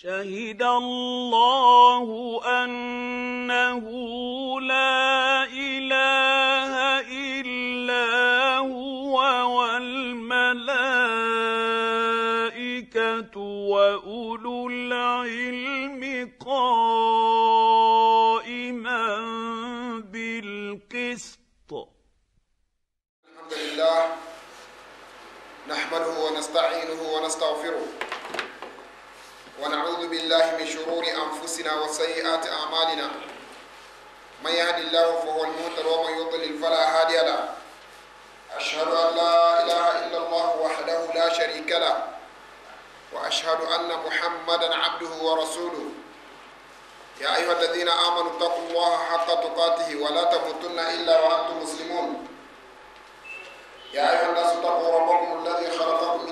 شهد الله انه لا اله الا هو والملائكه واولو العلم قائما بالقسط الحمد لله نحمده ونستعينه ونستغفره ونعوذ بالله من شرور أنفسنا وسيئات أعمالنا من يهد الله فهو المهتد ومن يضلل فلا هادي له أشهد أن لا إله إلا الله وحده لا شريك له وأشهد أن محمدا عبده ورسوله يا أيها الذين آمنوا اتقوا الله حق تقاته ولا تموتن إلا وأنتم مسلمون يا أيها الناس اتقوا ربكم الذي خلق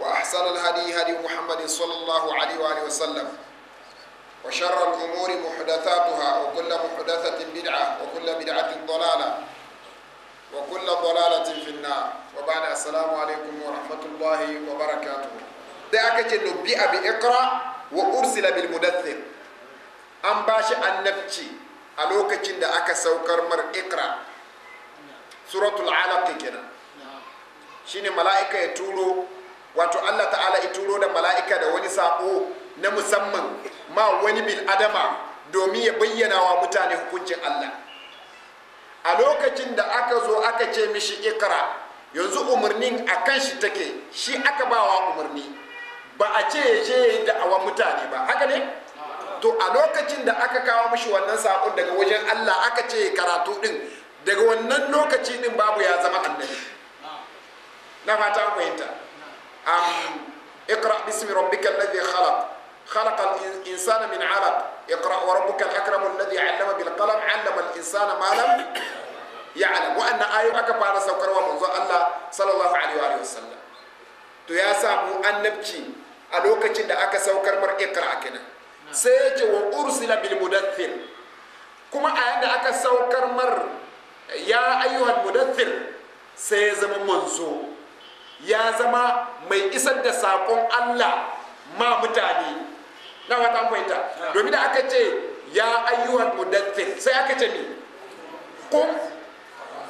وأحسن الهدي هدي محمد صلى الله عليه وآله وسلم وشر الأمور محدثاتها وكل محدثة بدعة وكل بدعة ضلالة وكل ضلالة في النار وبعد السلام عليكم ورحمة الله وبركاته ذاك أبي اقرأ وأرسل بالمدثر أم باش النبتي ألوك تشند أكا سوكر مر إقرأ سورة العلق كنا نعم. شين ملائكة يتولوا wato Allah ta'ala ya turo da mala'ika da wani sako na musamman ma wani bil adama domin ya bayyana wa mutane hukuncin Allah a lokacin da aka zo aka ce mishi ikra yanzu umarnin a kan shi take shi aka ba wa umarni ba a ce ya je da awa mutane ba haka ne to a lokacin da aka kawo mishi wannan sakon daga wajen Allah aka ce karatu din daga wannan lokaci din babu ya zama annabi na fata fahimta um, اقرأ باسم ربك الذي خلق خلق الإنسان من علق اقرأ وربك الأكرم الذي علم بالقلم علم الإنسان ما لم يعلم وأن آية أكبر سوكر ومنذ الله صلى الله عليه وآله وسلم to ya mu annabci a lokacin da aka saukar mar ikra kenan sai ya ce wa ursila bil mudaththir kuma a yanda aka saukar mar ya ayyuhal mudaththir sai ya zama manzo ya zama mai isar da saƙon Allah ma mutane na wata fahimta domin da aka ce ya ayyuhan mudaththir sai aka ce ne kun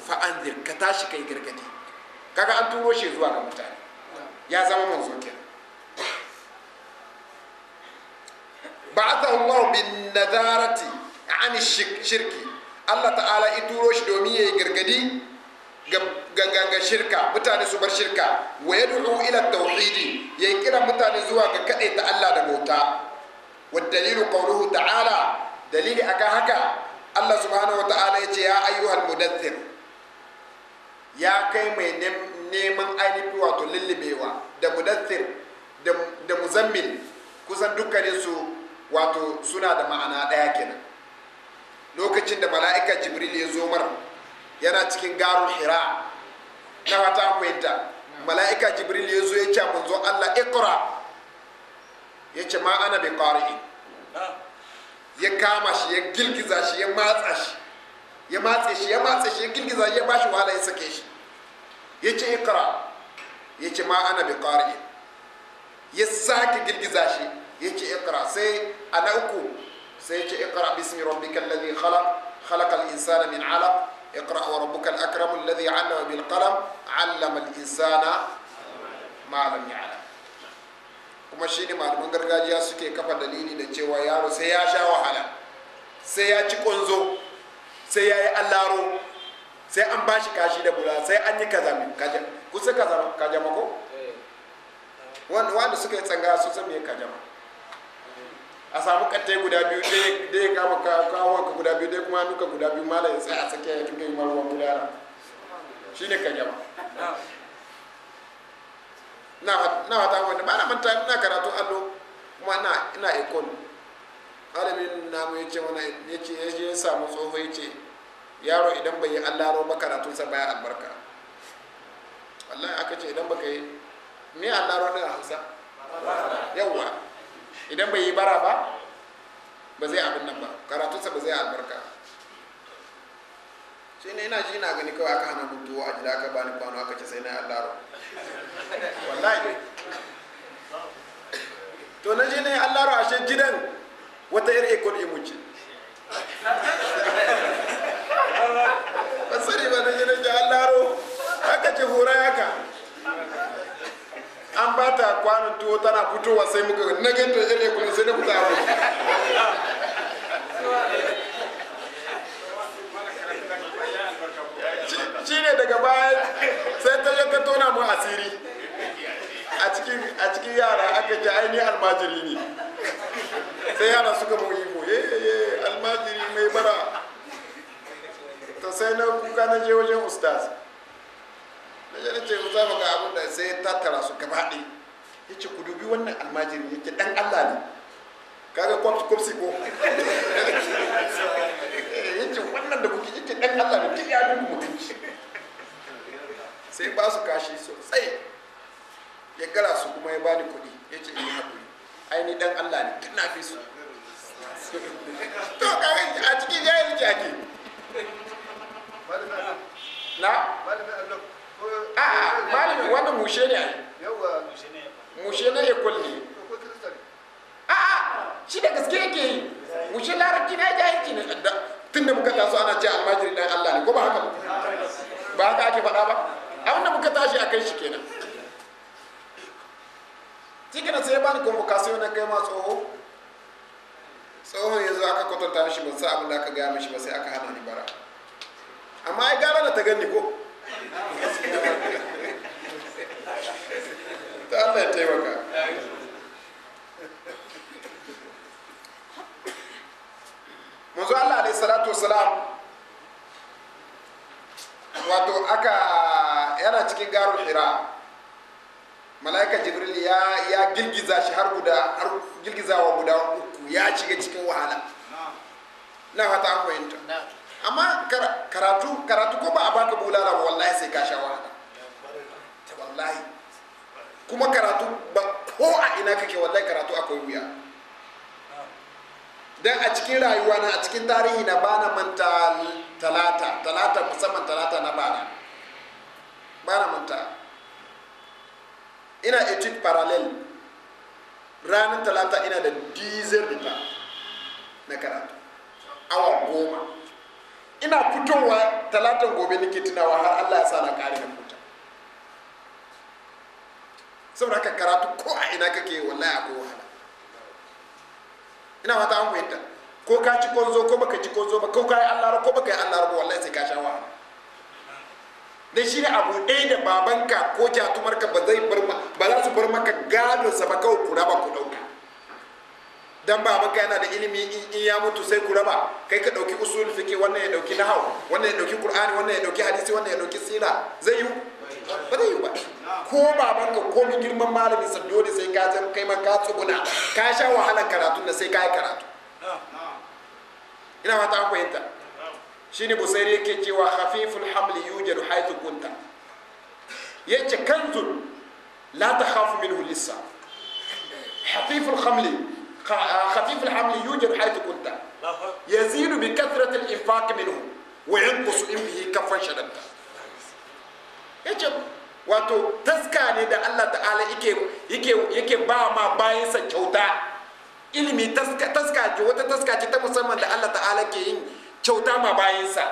fa'an anzir ka tashi kai gargadi kaga an turo shi zuwa ga mutane ya zama manzo kenan ba'athahu Allah bin nadarati an shirki Allah ta'ala turo shi domin yayi gargadi ga shirka mutane su bar shirka wa yad'u ila tauhidi yayi kira mutane zuwa ga ta Allah da bauta wa dalilu qawluhu ta'ala dalili akan haka Allah subhanahu wa ta'ala yace ya ayyuhal mudaththir ya kai mai neman ainihi wato lullubewa da mudaththir da muzammil kusan dukkanin su wato suna da ma'ana daya kenan lokacin da mala'ika jibril ya zo mara yana cikin garun hira na fata fahimta mala'ika jibril ya zo ya ce zo allah ikra ya ce ma ana bi qari'i ya kama shi ya girgiza shi ya matsa shi ya matse shi ya matse shi ya girgiza shi ya bashi wahala ya sake shi ya ce ikra ya ce ma ana bi qari'i ya sake girgiza shi ya ce ikra sai a uku sai ya ce ikra bismi rabbikal ladhi khalaq khalaqal insana min alaq اقرأ وربك الأكرم الذي علم بالقلم علم الإنسان ما لم يعلم kuma shi ne malaman gargajiya suke kafa dalili da cewa yaro sai ya sha wahala sai ya ci ƙunzo sai ya yi allaro sai an ba shi kashi da bula sai an yi kazami kusa kajama ko wanda suka yi tsanga su san me kajama a samu kattai guda biyu da ya kama kawon ka guda biyu dai kuma nuka guda biyu mala ya sai a tsakiya ya tuka yi maruwan gudana shi ne ka jama na wata wani ba na manta ina karatu allo kuma ina ikon alamin namu ya ce wani ya ce ya ya samu tsoho ya ce yaro idan bai yi allaro ba sa baya albarka wallahi aka ce idan baka yi me allaro ɗin a hausa yawwa idan bai yi bara ba ba zai abin nan ba karatunsa ba zai albarka shi ne ina ji na gani kawai aka hana mutu a jira aka bani kwano aka ce sai na allaro wallahi to na ji na yi allaro shi gidan wata iri ikon imuci fito tana fitowa sai muka na ganta ere kuma sai na fita abu shi ne daga baya sai ta yi ta tona mu asiri a cikin yara aka ji ainihin almajiri ne sai yara suka mu yi iko ye almajiri mai bara ta sai na kuka na je wajen ustaz na je ce mu zama ga abin da sai tattara su gaba ɗaya yace ku dubi wannan almajiri yake dan Allah ne kaga kwamsi ko yace wannan da kuke yake dan Allah ne duk ya dubi mutunci sai ba su kashi sosai ya gara su kuma ya bani kuɗi ya ce yi haƙuri ai ni dan Allah ne kina fi su to kaga a cikin yake ake na a malami wannan mushe ne ai yawa mushe ne mushe na ya ne a'a shi da gaske yake yi mushe larabci na jahilci ne tun da muka taso ana cewa almajiri na Allah ne ko ba haka ba haka ake faɗa ba abin da muka tashi a kai shi kenan shi kenan sai ya bani convocation na kai ma tsoho tsohon yanzu aka kwatanta mishi ban sa abin da aka gaya mishi ba sai aka hana ni bara amma ai gara na ta gani ko Allah ya taimaka manzo Allah alaihi salatu wasalam wato aka yana cikin garu hira malaika jibril ya ya girgiza shi har guda har wa guda uku ya shiga cikin wahala na fata an fahimta amma karatu karatu ko ba a baka bulala wallahi sai ka sha wahala wallahi kuma karatu ba ko a ina kake wallahi karatu akwai wuya dan a cikin rayuwa na a cikin tarihi na bana manta talata talata musamman talata na bana bana manta ina etude parallel ranar talata ina da dizel dita na karatu awa goma ina fitowa talatan gobe nake tunawa har allah ya sa na kare da saboda ka karatu ko a ina kake wallahi ko wahala ina mata an fahimta ko ka ci konzo ko baka ci konzo ba ko ka yi allara ko baka yi allara ba wallahi sai ka sha wahala dan shi ne abu ɗaya da babanka ko jatumarka ba zai bar ba za su bar maka gado sa ba kawai kura ba ku ɗauka dan babanka yana da ilimi in ya mutu sai kura ba kai ka ɗauki usul fiki wannan ya ɗauki nahau wannan ya ɗauki qur'ani wannan ya ɗauki hadisi wannan ya ɗauki sira zai yi ba zai yi ba ko baban ka ko girman malamin sa dole sai ka jan kai ma ka tsuguna ka sha wahalar karatun da sai ka yi karatu ina fata an fahimta shine busairi yake cewa khafiful hamli yujadu haythu kunta yace kanzun la takhafu minhu lissa khafiful hamli khafiful hamli yujadu haythu kunta yazidu bi kathrati al-infaq minhu wa yanqusu in yace wato taska ne da Allah ta'ala yake yake yake ba ma bayansa kyauta ilimi taska taska ce wata taska ce ta musamman da Allah ta'ala ke yin kyauta ma bayansa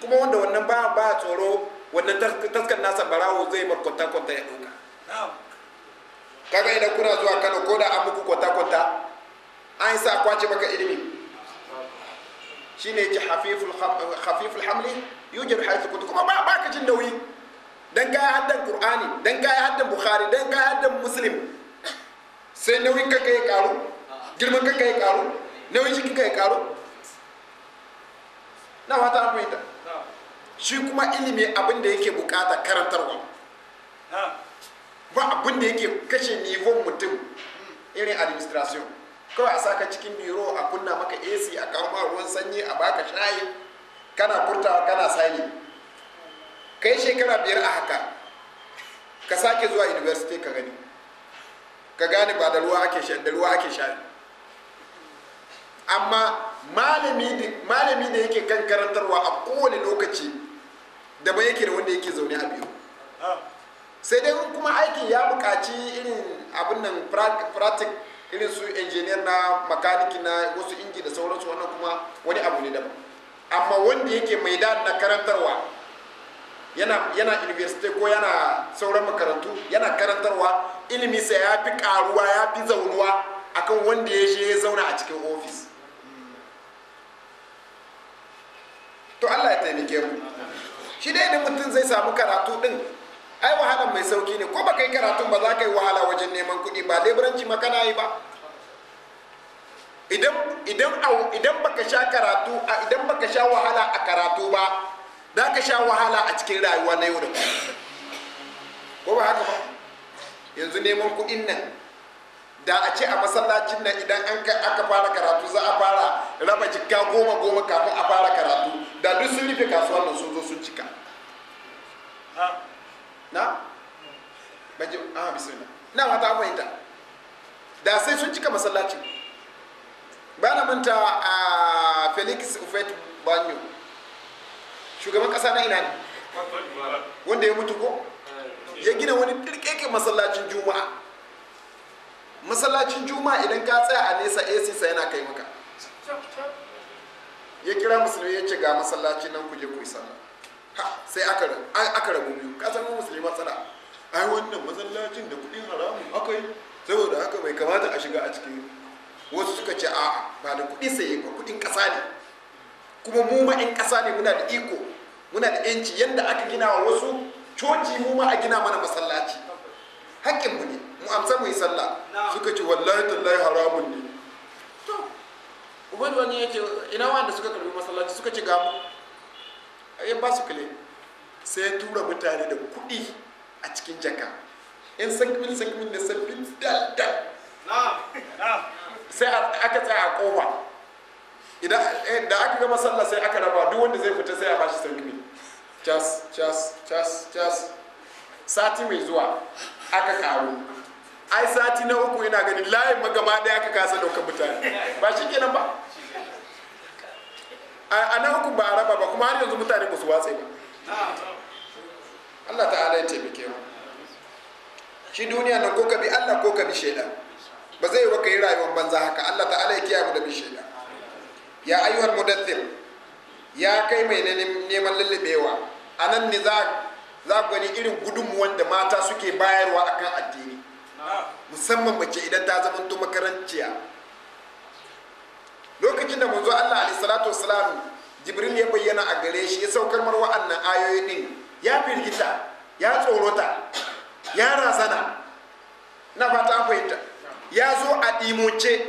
kuma wanda wannan ba ba tsoro wannan taskar nasa barawo zai bar kwanta kwanta ya doka kaga idan kuna zuwa Kano ko da an muku kwanta kwanta an sa kwace maka ilimi shine ji hafiful hafiful hamli yujir haythu kuma ba ka jin nauyi dan ka haddan qur'ani dan ka haddan bukhari dan ka haddan muslim sai nawi ka kai karu girman ka kai karu nawi jikin ka ya karu na wata an fahimta shi kuma ilimi abin da yake bukata karantarwa ba abin da yake kashe nivon mutum irin administration kawai a saka cikin biro a kunna maka ac a kawo ruwan sanyi a baka shayi kana furtawa kana sani ka yi shekara biyar a haka ka sake zuwa university ka gani ka gane ba da ruwa ake sha, da ruwa ake sha. amma malami da yake kan karantarwa a kowane lokaci da ba yake da wanda yake zaune a biyu sai dai kuma aiki ya buƙaci irin abin nan pratik irin su injiniyar na makaniki na wasu inji da sauransu wannan kuma wani abu ne daban amma wanda yake mai na karantarwa yana yana university ko yana sauran makarantu yana karantarwa ilimi yafi ya fi karuwa ya fi zaunuwa akan wanda ya je ya zauna a cikin ofis to Allah ya taimake mu shi dai idan mutum zai samu karatu din ai wahalan mai sauki ne ko baka yi karatun ba za ka yi wahala wajen neman kuɗi ba leburanci ma kana yi ba idan idan idan baka sha karatu idan baka sha wahala a karatu ba da ka sha wahala a cikin rayuwa na yau da kullum ko ba haka ba yanzu neman kuɗin nan da a ce a masallacin nan idan an aka fara karatu za a fara raba jikka goma goma kafin a fara karatu da duk sun rufe kasuwar nan sun zo sun cika na baje ah bismillah na fata fahimta da sai sun cika masallacin ba na manta a ah, felix ufet banyo shugaban kasa na ina ne wanda ya mutu ko ya gina wani dirkeke masallacin juma'a masallacin juma'a idan ka tsaya a nesa ac sa yana kai maka ya kira musulmi ya ce ga masallaci nan kuje ku isa. sai aka rabu biyu kasan musulmi matsala ai wannan masallacin da kuɗin haramun aka yi saboda haka bai kamata a shiga a cikin wasu suka ce a ba da kuɗi sai ba kuɗin ƙasa ne kuma mu ma 'yan ne muna da iko muna da yanci yadda aka gina wa wasu coci mu ma a gina mana masallaci hakkin mu ne mu amsa mu yi sallah suka ce wallahi tallahi haramun ne to ubadu wani yake ina wanda suka karbi masallaci suka ce ga mu ayyan ba su kule sai tura mutane da kuɗi a cikin jaka in sankimin sankimin da sabbin dal dal sai aka tsaya a kofa idan eh, da aka gama sallah sai aka raba duk wanda zai fita sai a bashi sankini cas cas cas cas sati mai zuwa aka karu ai sati na uku yana ganin layin magama ɗaya aka kasa daukar mutane ba shi kenan ba a na uku ba a raba ba kuma har yanzu mutane ba su watse ba Allah ta'ala ya taimake mu shi duniya nan ko ka bi Allah ko ka bi shaidan ba zai yi wa ka yi rayuwar banza haka Allah ta'ala ya kiyaye mu da bi shaida. ya ayyuhal mudaththir ya kai mai neman lullubewa a nan ne za za gani irin gudunmuwan da mata suke bayarwa akan addini musamman mace idan ta zama to makaranciya lokacin da manzo Allah alaihi salatu wasalam jibril ya bayyana a gare shi ya saukar mar wa'annan ayoyi din ya firgita ya tsorota ya razana na fata an ya zo a dimoce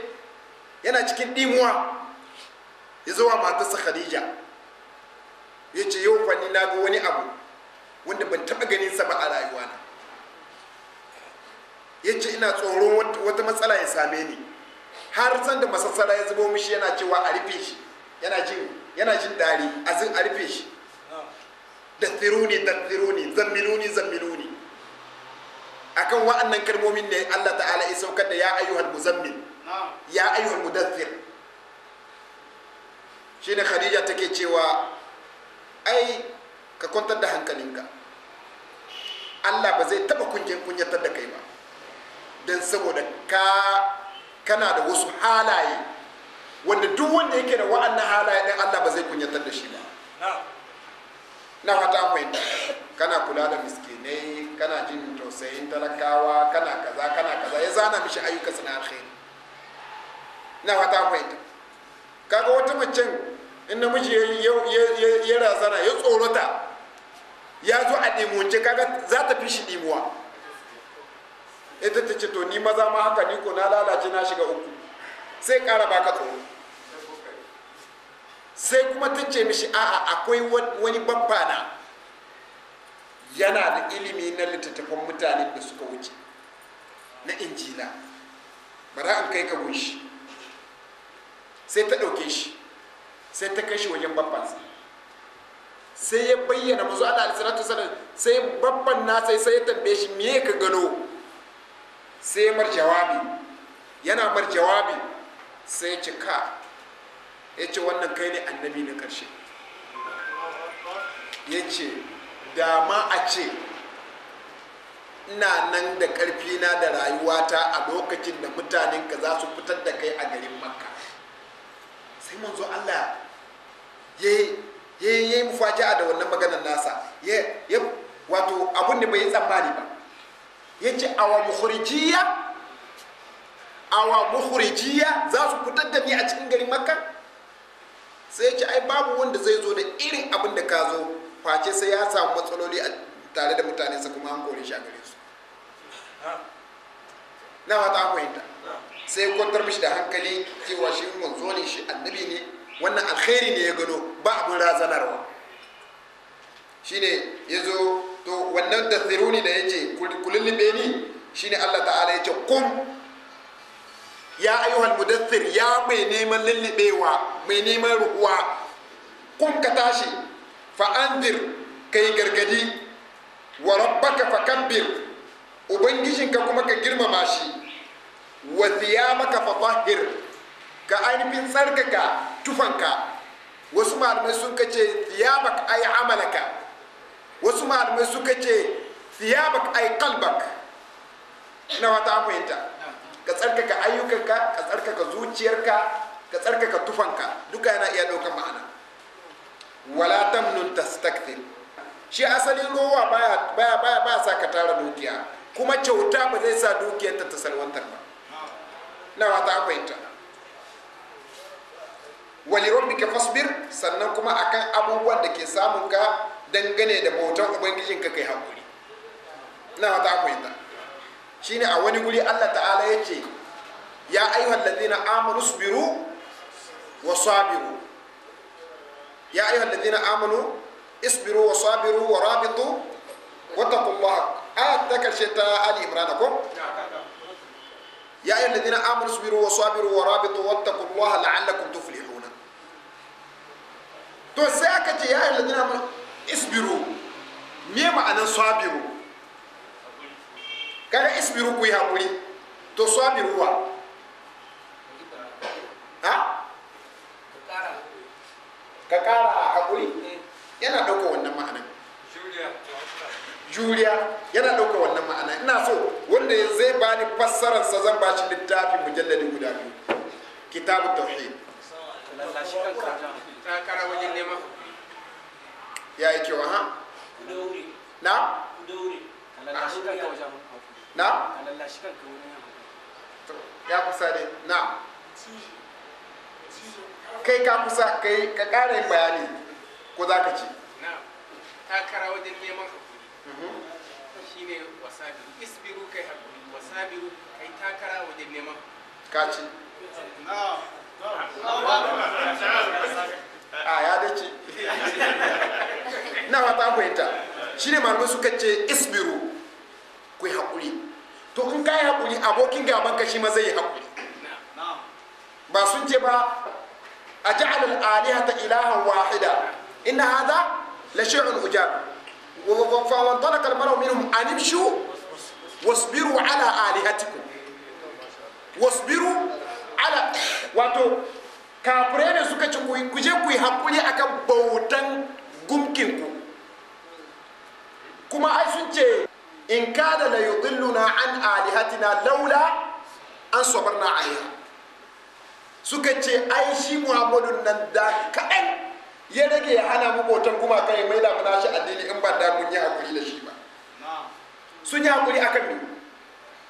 yana cikin dimuwa ya zuwa matarsa khadija ya ce yau fanni na ga wani abu wanda ban taɓa ganin sa ba a rayuwa na ya ce ina tsoron wata matsala ya same ni har san da masassara ya zubo mishi yana cewa a rufe shi yana jin yana jin dari azin a rufe shi da tsiruni da tsiruni zammiluni zammiluni akan wa'annan kalmomin ne Allah ta'ala ya saukar da ya ayyuhal muzammil ya ayyuhal mudaththir shine khadija take cewa ai ka kwantar da hankalinka allah ba zai taba kunyatar da kai ba don saboda ka kana da wasu halaye wanda duk wanda yake da wa'annan halaye ɗin allah ba zai kunyatar da shi ba na fata fahimta kana kula da miskinai kana jin tausayin talakawa kana kaza kana kaza ya zana mishi ayyuka sana khairi na fata fahimta kaga wata macen in namiji ya razana ya tsorota ya zo a ɗimoce kaga za ta fi shi ɗimuwa ita ta ce to ni maza ma haka ni ko na lalace na shiga uku sai ƙara baka tsoro sai kuma ta ce mishi a'a akwai wani babbana yana da ilimi na littattafan mutane da suka wuce na injila bara an kai ka gunshi sai ta ɗauke shi sai ta kai shi wajen babbansa sai ya bayyana mazu ala alisiratu sanar sai babban nasa sai ya tambaye shi me ka gano sai ya mar jawabi yana mar jawabi sai ya ce ka ya ce wannan kai ne annabi na ƙarshe ya ce da a ce ina nan da na da rayuwata a lokacin da mutanen ka za su fitar da kai a garin makka sai manzo Allah ya yi mufaja'a da wannan maganar nasa ya wato abun da bai yi tsammani ba ya ce awa mukhrijiya awa mukhrijiya za su fitar da ni a cikin garin makka sai ya ce ai babu wanda zai zo da irin abin da ka zo face sai ya samu matsaloli a tare da mutanensa kuma an kore shi a gare su na wata fahimta sai ya kwantar mishi da hankali cewa shi manzo ne shi annabi ne wannan alkhairi ne ya gano ba abin razanarwa shine ya zo to wannan tasiruni da ya ce kulillibe ni shine allah ta'ala ya ce kun ya ayyuhal mudaththir ya mai neman lullubewa mai neman ruhuwa kun ka tashi fa kai gargadi wa rabbaka ubangishin ubangijinka kuma ka girmama shi wa fafa fatahhir ka ainihin tsarkaka tufanka wasu malamai sun kace thiyabak ay amalaka wasu malamai suka ce thiyabak ay qalbak ina wata an fahimta ka tsarkaka ayyukanka ka tsarkaka zuciyarka ka tsarkaka tufanka duka yana iya ɗaukar ma'ana wala tamnun tastakthir shi asalin ruwa baya baya baya sa ka tara dukiya kuma kyauta ba zai sa dukiyarta ta salwantar ba nawata akwaita wali rabbi ka fasbir sannan kuma akan abubuwan da ke samun ka dangane da bautan ubangijin ka kai hakuri nawata akwaita shine a wani guri Allah ta'ala ya ce ya ayyuhal ladina amanu sabiru wa sabiru ya ayyuhal ladina amanu isbiru wa sabiru wa rabitu taqullaha ayat ta karshe ta ali imran ko يا أيها الذين آمنوا اصبروا وصابروا ورابطوا واتقوا الله لعلكم تفلحون to sai aka ce ya ayyuhal ladina amanu isbiru me ma'anan sabiru kada isbiru ku yi hakuri to sabiru wa ka a hakuri yana juriya yana ɗauka wannan ma'ana ina so wanda zai bani sa zan ba shi littafin mujalladi guda biyu kitabu tauhid ya yi kyau ha na na ya kusa ne na kai ka kusa kai ka ƙara bayani ko za ka ci takara wajen neman shi ne wasabiru isbiru kai hakuri wasabiru kai takara wajen neman kaci a ah, ya dace na wata fahimta shi ne malamai suka ce isbiru ku yi haƙuri to in ka yi haƙuri abokin gaban ka shi ma zai yi haƙuri ba sun ce ba a ja'alul alihata ilahan wahida inna hadha la shay'un ujab فانطلق المرء منهم أن امشوا wasbiru ala alihatikum wasbiru ala wato kafirai ne suka ci ku je ku yi hakuri akan bautan gumkin ku kuma ai sun ce in kada la yudilluna an alihatina laula an sabarna alaiha suka ce ai shi muhammadun nan da kaɗan ya rage ya hana mu kuma kai mai da muna shi addini in ba da mun yi hakuri da shi ba sun yi hakuri akan me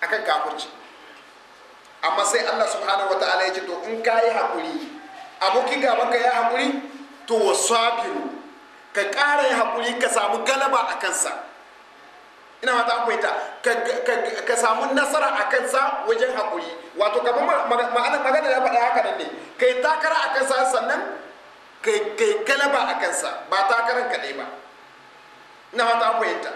akan kafirci amma sai Allah subhanahu wataala ya ce to in ka yi hakuri abokin gaban ka ya hakuri to wasabiru ka ƙara yi hakuri ka samu galaba a kansa ina mata akwaita ka samu nasara a kansa wajen hakuri wato kamar ma'anar magana ya faɗa haka nan ne kai takara a kansa sannan kai kalaba a kansa ba takarar kaɗai ba ina ta fahimta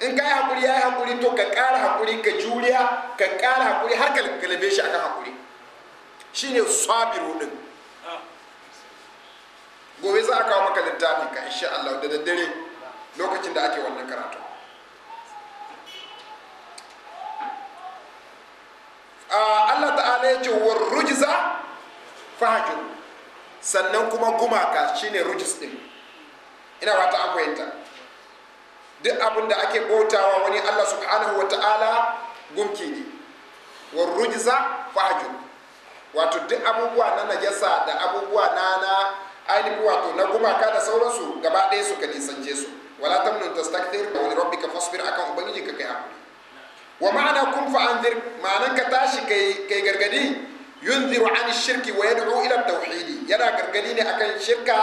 in ka yi haƙuri ya yi haƙuri to ka ƙara haƙuri ka juriya ka ƙara haƙuri har ka shi shi akan haƙuri shine sabiru din gobe za a kawo maka littafi ka insha Allah da daddare lokacin da ake wannan karatu ah, Allah ta'ala ya ce wa rujza fahajiru sannan kuma gumaka shine rujis din ina wata an duk abin da ake bautawa wani Allah subhanahu wa ta'ala gunki ne wa rujisa fahjur wato duk abubuwa na najasa da abubuwa na na ainihin wato na gumaka da sauransu gaba ɗaya suka nisan su wala ta da wani rabbi ka fasfir a akan ubangiji ka kai hakuri wa ma'ana kun fa'an ma'anan ka tashi kai gargadi yunziru an shirki wa yad'u ila tauhidi yana gargadi ne akan shirka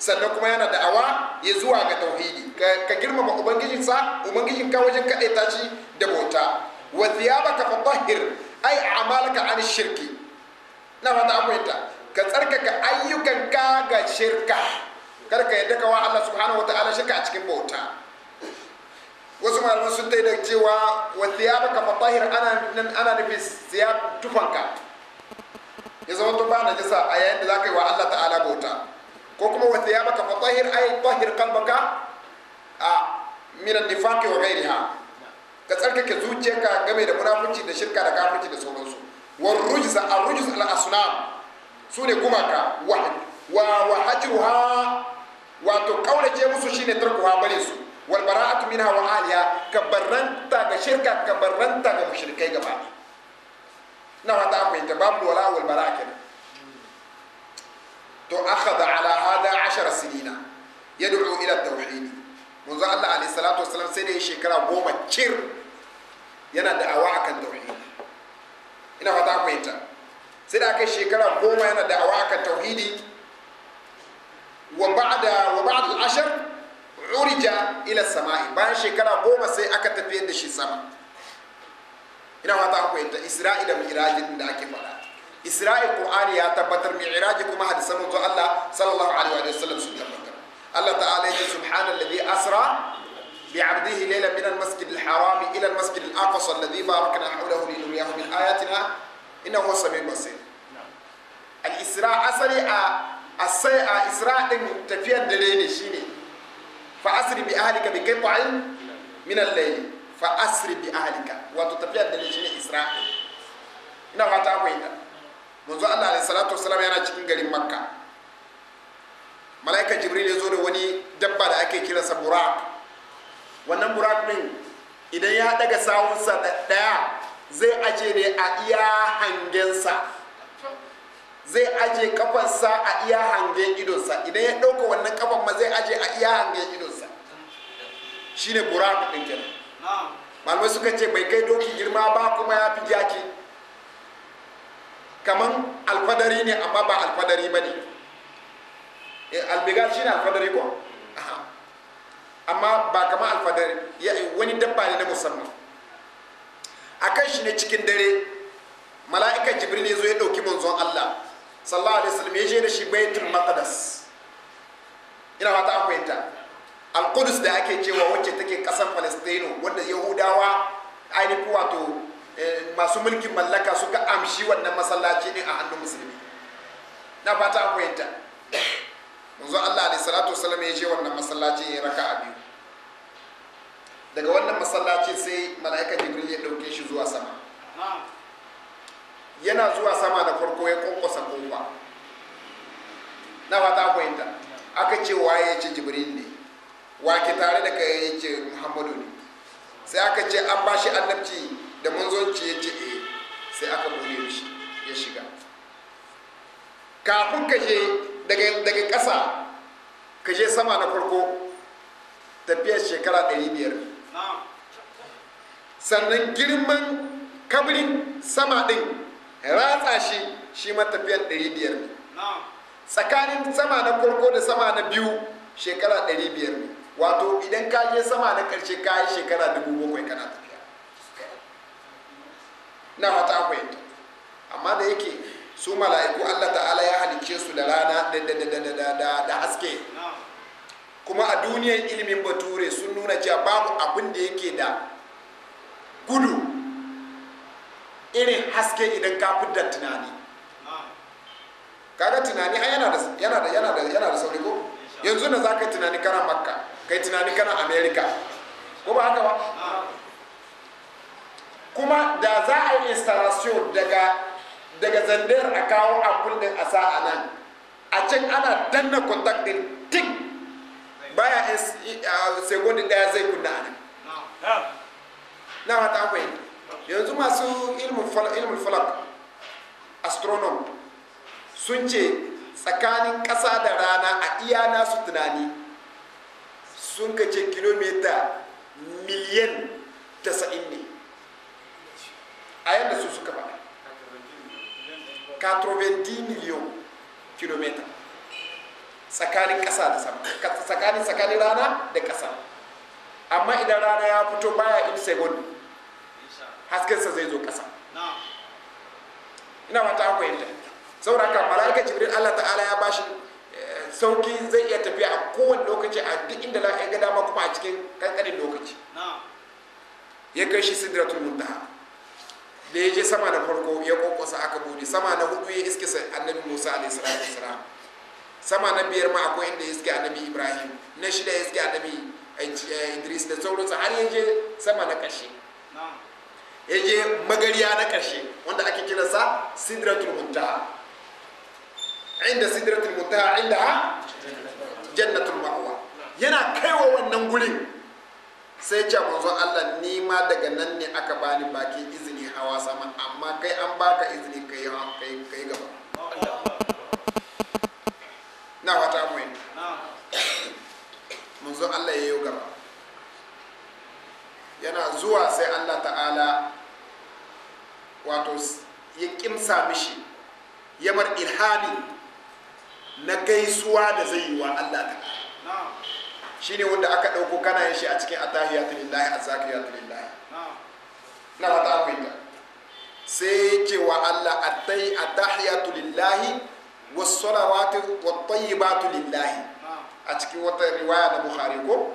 sannan kuma yana da'awa ya zuwa ga tauhidi ka girmama ubangijinsa ubangijin ka wajen kaɗaita shi da bauta wa thiyabaka fatahhir ai a'malaka an shirki na fata an fahimta ka tsarkaka ayyukan ka ga shirka kar ka yadda kawa Allah subhanahu wataala shirka a cikin bauta wasu malaman sun taida cewa wa thiyabaka fatahhir ana ana nufin tufan tufanka ya zama to ba najasa a yayin da za ka yi wa Allah ta'ala bauta ko kuma wa thiyabaka fa tahir ay tahir qalbaka a min an-nifaqi wa ghayriha ka tsarkake zuciyarka game da munafunci da shirka da kafirci da sauransu wa rujza ar-rujz al-asnam sune gumaka wahid wa wa hajruha wato kaurace musu shine tarkuha bare su wal bara'atu minha wa aliha ka barranta ga shirka ka barranta ga mushrikai gaba نرى تعب يتبامل ولا أول مراكب تأخذ على هذا عشر سنين يدعو إلى التوحيد منذ أن عليه الصلاة والسلام سنة شكرا بوما تشير ينادى أواك التوحيد إنه تعب يتبامل سنة شكرا بوما ينادى أواك التوحيد وبعد وبعد العشر عرج إلى السماء بعد شكرا بوما سيأكد تفيد الشيء السماء ina fata ku isra'ila isra'i iraji din da ake faɗa isra'il qur'ani ya tabbatar mi iraji kuma hadisan manzo Allah sallallahu alaihi wa sallam sun tabbatar Allah ta'ala ya subhana alladhi asra bi 'abdihi laylan min al-masjid al-haram al-masjid al-aqsa ila alladhi بعبده ليلا من المسجد الحرام إلى المسجد الأقصى الذي باركنا حوله لنريه من آياتنا إنه هو السميع tafiyar da أصلي shine fa asri bi ahlika bi بأهلك min al-layl fa asri bi ahlika wato da dare shine Isra'il. ina fata akwai ta manzo Allah alaihi salatu salam yana cikin garin makka malaika jibril ya zo da wani dabba da ake sa burak wannan burak din idan ya daga sawunsa daya zai aje ne a iya hangensa zai aje kafansa a iya hangen idonsa idan ya ɗauka wannan kafan ma zai aje a iya hangen idonsa shine burak din kenan malamai suka ce bai kai doki girma ba kuma ya fi jaki kaman alfadari ne amma ba alfadari ba ne eh, albiga shi ne alfadari ko amma ba kama alfadari Ya wani dabba ne na musamman a kan shi ne cikin dare mala'ikan jibril ya zo ya ɗauki manzon allah sallallahu alaihi wasallam ya je da shi baitul maqdis ina fata an fahimta alkudus da ake cewa wacce take kasar palestino wanda yahudawa ainihin wato eh, masu mulkin mallaka suka amshi wannan masallaci ne a hannun musulmi na fata an fahimta manzo Allah alaihi salatu Salam ya ce wannan masallaci ya raka a biyu daga wannan masallacin sai mala'ika jibril ya dauke shi zuwa sama yana zuwa sama da farko ya kwankwasa kofa na fata fahimta aka ce waye ya ce jibril ne wake tare da kai ya ce muhammadu ne sai aka ce an ba shi annabci da munzonci ya ce eh sai aka bude shi ya shiga kafin ka je daga ƙasa ka je sama na farko tafiyar shekara 500 sannan girman kabirin sama ɗin ratsa shi shi matafiyar 500 tsakanin sama na farko da sama na biyu shekara 500 wato idan ka je sama na ƙarshe ka yi shekara dubu bakwai kana tafiya na akwai fahimta amma da yake su mala'iku allah ta'ala ya halicce su da rana da da da da da haske kuma a duniyar ilimin bature sun nuna cewa babu abin da yake da gudu irin haske idan ka fidda tunani kaga tunani yana da yana da yana da sauri ko yanzu da zaka tunani kana makka kai tunani kana america ko ba haka ba kuma da za a yi installation daga daga zandar a kawo a din a sa a nan a can ana danna contact din tik baya sekundin eh, daya zai kunna a nan na fata akwai yanzu masu ilmin falak astronom sun ce tsakanin ƙasa da rana a iya nasu tunani sun ka ce kilomita miliyan tasa'in ne a yadda su suka faɗa 90 miliyan kilomita tsakanin ƙasa da sama tsakanin tsakanin rana da ƙasa amma idan rana ya fito baya in Hasken haskensa zai zo ƙasa ina wata akwai yadda saboda haka mala'ika jibril allah ta'ala ya bashi sauki zai iya tafiya a kowane lokaci a duk inda za a ga dama kuma a cikin kankanin lokaci ya kai shi sidratul muntaha da ya je sama da farko ya kokosa aka bude sama na hudu ya iske annabi musa alaihi salam sama na biyar ma akwai inda ya iske annabi ibrahim na shida ya iske annabi eh, idris da sauransu har ya je sama na ƙarshe ya je magariya na ƙarshe wanda ake sa sidratul muntaha inda sidratul muntaha indaha jannatul ma'wa yana kaiwa wannan gurin sai ce manzo Allah ni ma daga nan ne aka bani baki izini hawa sama amma kai an baka izini kai kai kai gaba na wata mu manzo Allah ya yi gaba yana zuwa sai Allah ta'ala wato ya kimsa mishi ya bar ilhami na gaisuwa da zai yi wa Allah ta shi ne wanda aka ɗauko kana yin shi a cikin atahiyatu lillahi azzakiyatu lillahi na fata amurka sai ce wa Allah atai atahiyatu lillahi was salawatu wat tayyibatu lillahi a cikin wata riwaya na Bukhari ko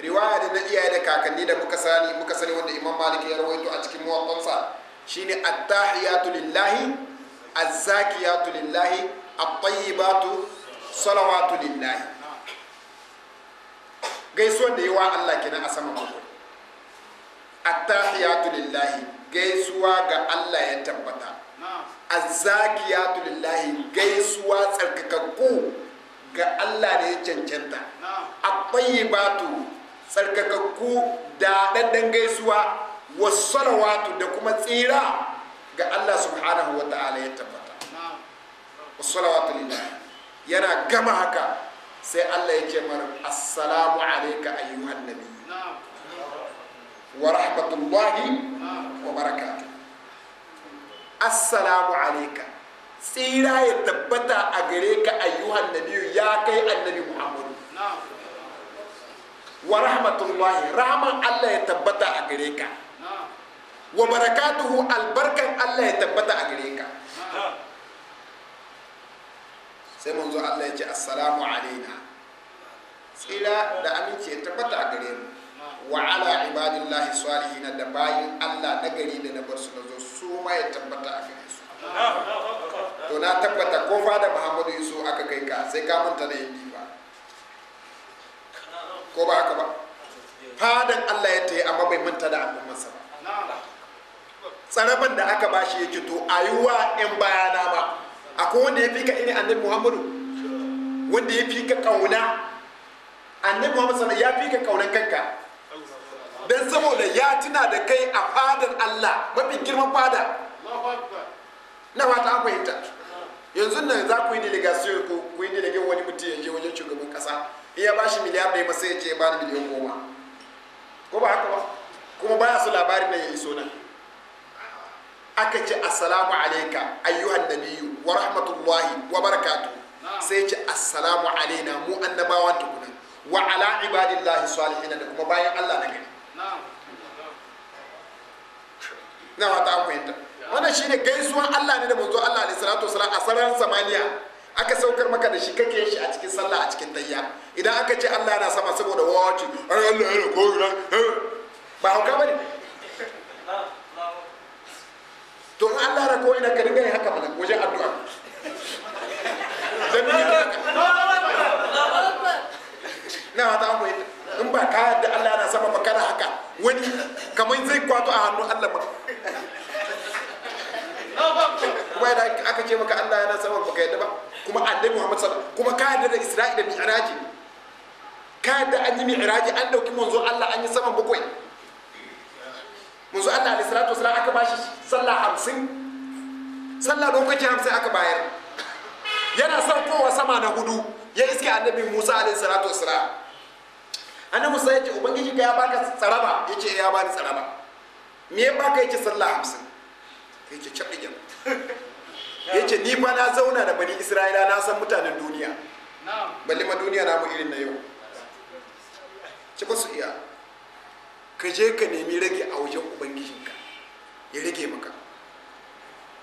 riwaya da na iyaye da kakanni da muka sani muka sani wanda Imam Malik ya rawaito a cikin muwaqqansa shine atahiyatu lillahi azzakiyatu lillahi at-tayyibatu salawatu lillahi gaisuwar a gaisuwa ga Allah ya tabbata az gaisuwa tsarkakakku ga Allah da ya cancanta at tsarkakakku da gaisuwa wasu da kuma tsira ga Allah subhanahu wa ta'ala ya tabbata wasalawatu lillahi yana gama haka sai Allah ya ce mar assalamu alayka ayyuhan nabi wa rahmatullahi wa barakatuh assalamu alayka tsira ya tabbata a gare ka ayyuhan nabi ya kai annabi muhammadu wa rahmatullahi rahman Allah ya tabbata a gare ka wa barakatuhu albarkan Allah ya tabbata a gare ka sai manzo Allah ya ce assalamu alaina tsira da amince tabbata a gare mu wa ala ibadillahi salihin da bayin Allah da gari da na bar su na zo su ma ya tabbata a gare su to na tabbata ko da Muhammadu Yusu aka kai ka sai ka manta da yin ba ko ba ka ba fadan Allah ya tayi amma bai manta da masa ba tsaraban da aka bashi ya ce to ayuwa in bayana ba akwai wanda ya fi ka irin annabi muhammadu wanda ya fi ka kauna annabi muhammadu sana ya fi ka kaunan kanka dan saboda ya tuna da kai a fadar Allah mafi girman fada na wata an fahimta yanzu nan za ku yi delegation ko ku yi delegation wani mutum ya je wajen shugaban kasa iya ba shi miliyan ɗaya sai ya ba ya miliyan goma ko ba haka ba kuma baya su labarin da ya iso nan aka ce assalamu alaika ayyuhan nabiyyu wa rahmatullahi wa barakatu sai ce assalamu alaina mu annabawa tukuna wa ala ibadillahi salihina da kuma bayan Allah na gari na wata an fahimta wannan shine gaisuwan Allah ne da manzo Allah alaihi salatu wasalam a sararin samaniya aka saukar maka da shi kake shi a cikin sallah a cikin tayya idan aka ce Allah na sama saboda wawaci ai Allah yana ko eh. ba hauka bane Allah ra ko ina ka dinga haka mana waje addu'a zan yi na wata an bai in ba ka yadda Allah yana sama maka na haka wani kamar zai kwato a hannun Allah ba kuma da aka ce maka Allah yana sama maka yadda ba kuma annabi Muhammad sallallahu kuma ka yadda da Isra'ila mi'raji ka yadda an yi mi'raji an dauki manzo Allah an yi sama bakwai manzo Allah alaihi salatu wasallam aka bashi sallah 50 sallah lokaci 50 aka bayar yana saukowa sama na hudu ya iske annabi Musa alaihi salatu wasallam annabi Musa ya ce ubangiji ka ya baka tsaraba ya ce eh, ya bani tsaraba me ya baka ya ce sallah 50 ya ce cabi jam ya ce ni ba na zauna da bani Isra'ila na san mutanen duniya balle ma duniya na mu irin na yau ci ba su iya ka je ka nemi rage a wajen ubangijinka ya rage maka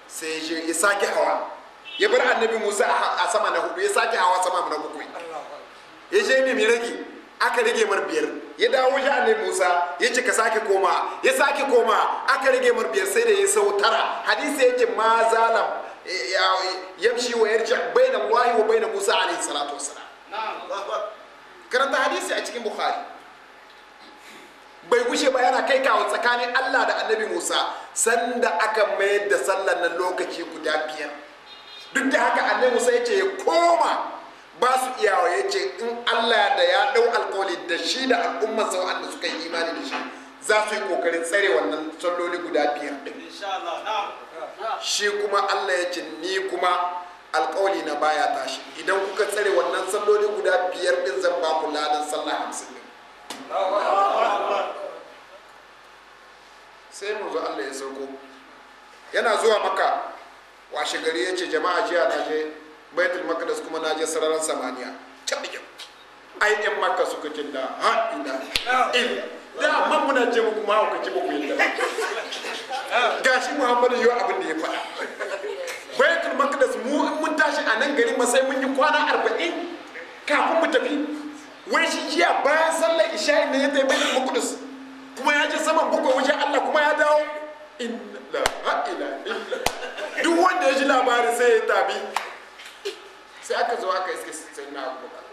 sai ya sake hawa ya bar annabi musa a sama na hudu ya sake hawa sama na bakwai ya je nemi rage aka rage mar biyar ya dawo wajen annabi musa ya ce ka sake koma ya sake koma aka rage mar biyar sai da ya sau tara hadisi ya ce ma zalam yamshi wa yarja bainal wahi wa bainal musa alaihi salatu wassalam karanta hadisi a cikin bukhari bai gushe ba yana kai kawo tsakanin Allah da annabi Musa sanda aka mayar da sallar nan lokaci guda biyar duk da haka annabi Musa ya ce ya koma ba su iyawa ya ce in Allah da ya ɗau alkawali da shi da al'ummar sa wanda suka yi imani da shi za su yi kokarin tsare wannan salloli guda biyar din shi kuma Allah ya ce ni kuma alkawali na baya tashi idan kuka tsare wannan salloli guda biyar din zan ba ku ladan sallah hamsin din sai zo Allah ya sauko yana zuwa maka washe gari ya ce jama'a jiya na je baitul maqdis kuma na je sararin samaniya tabbijin ai yan maka suka ce da ha ina In, eh, da amma muna ce muku ma ku ci muku yadda gashi muhammadu yau abin da ya faɗa baitul maqdis mu mun tashi a nan gari masai mun yi kwana arba'in kafin mu tafi wai shi jiya bayan sallar isha'i ne ya tafi baitul maqdis kuma ya je saman bugu wajen Allah kuma ya dawo inna ila duk wanda ya ji labarin sai ya tabi sai aka zo aka iske sai na abubakar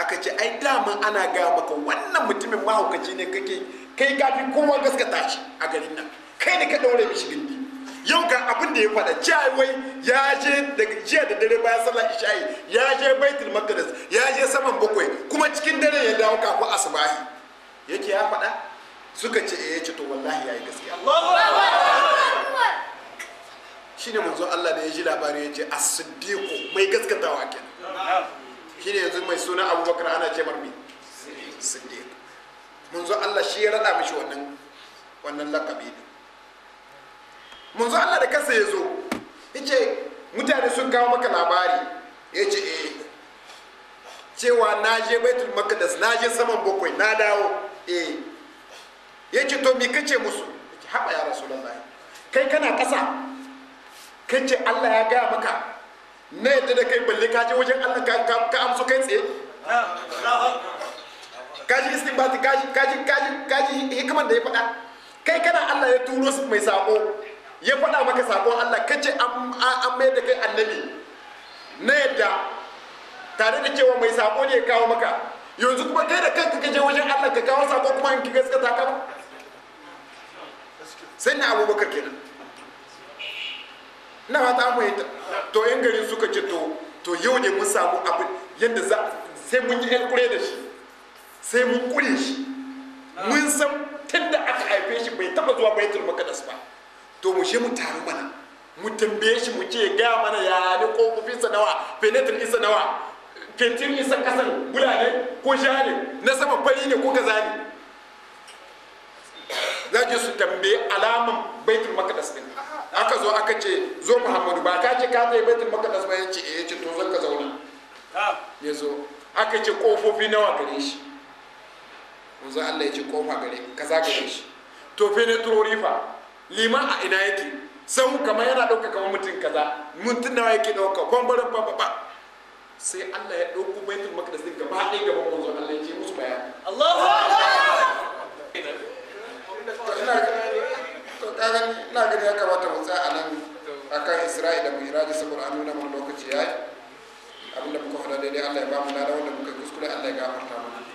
aka ce ai daman ana ga maka wannan mutumin mahaukaci ne kake kai kafi kowa gaskata shi a garin nan kai ne ka daure mishi gindi yau ga abin da ya faɗa cewa wai ya je daga jiya da dare bayan sallar isha'i ya je baitul maqdis ya je saman bakwai kuma cikin dare ya dawo kafin asubahi yake ya faɗa suka ce eh ce to wallahi yayi gaskiya shine manzo Allah da ya ji labarin ya ce as-siddiq mai gaskatawa kenan shine yanzu mai suna Abubakar ana ce marmi siddiq manzo Allah shi ya rada mishi wannan wannan lakabi din manzo Allah da kansa ya zo yace mutane sun kawo maka labari yace eh cewa na je baitul maqdis na je saman bakwai na dawo eh yace to me kace musu yace haba ya rasulullah kai kana kasa kace Allah ya gaya maka na yadda da kai balle ka je wajen Allah ka ka amsu kai tsaye kaji istinbati kaji kaji kaji kaji hikimar da ya faɗa kai kana Allah ya turo mai sako ya faɗa maka sakon Allah kace an mai da kai annabi na yadda tare da cewa mai sako ne ya kawo maka yanzu kuma kai da kanka je wajen Allah ka kawo sako kuma in ki gaskata ka ba sai na abubakar kenan na fata mu yi to yan gari suka ce to to yau ne mun samu abin yadda za sai mun yi yan kure da shi sai mun kure shi mun san tunda aka haife shi bai taba zuwa baitul maqdis ba to mu je mu taru mana mu tambaye shi mu ce ga mana ya ni kofofinsa nawa fenetin isa nawa kantin isa kasar bula ko sha ne na sama fari ne ko gaza ne za ki su tambaye alaman baitul makadas din aka zo aka ce zo muhammadu ba ka ce ka tsaye baitul makadas ba yace eh yace to zan ka zauna ya zo aka ce kofofi nawa gare shi manzo Allah ya ce kofa gare kaza gare shi to fe ne turori fa lima a ina yake sau kamar yana ɗauka kamar mutum kaza mutum nawa yake ɗauka barin ba ba sai Allah ya ɗauko baitul maqdis din gaba ɗaya gaban Allah ya ce musu bayan Allahu akbar to kaga ina ya kamata mu tsaya akan Isra'i da Mi'raj saboda an nuna mun lokaci yayi abinda muka faɗa daidai Allah ya ba mu da wanda muka kuskure Allah ya gafarta mana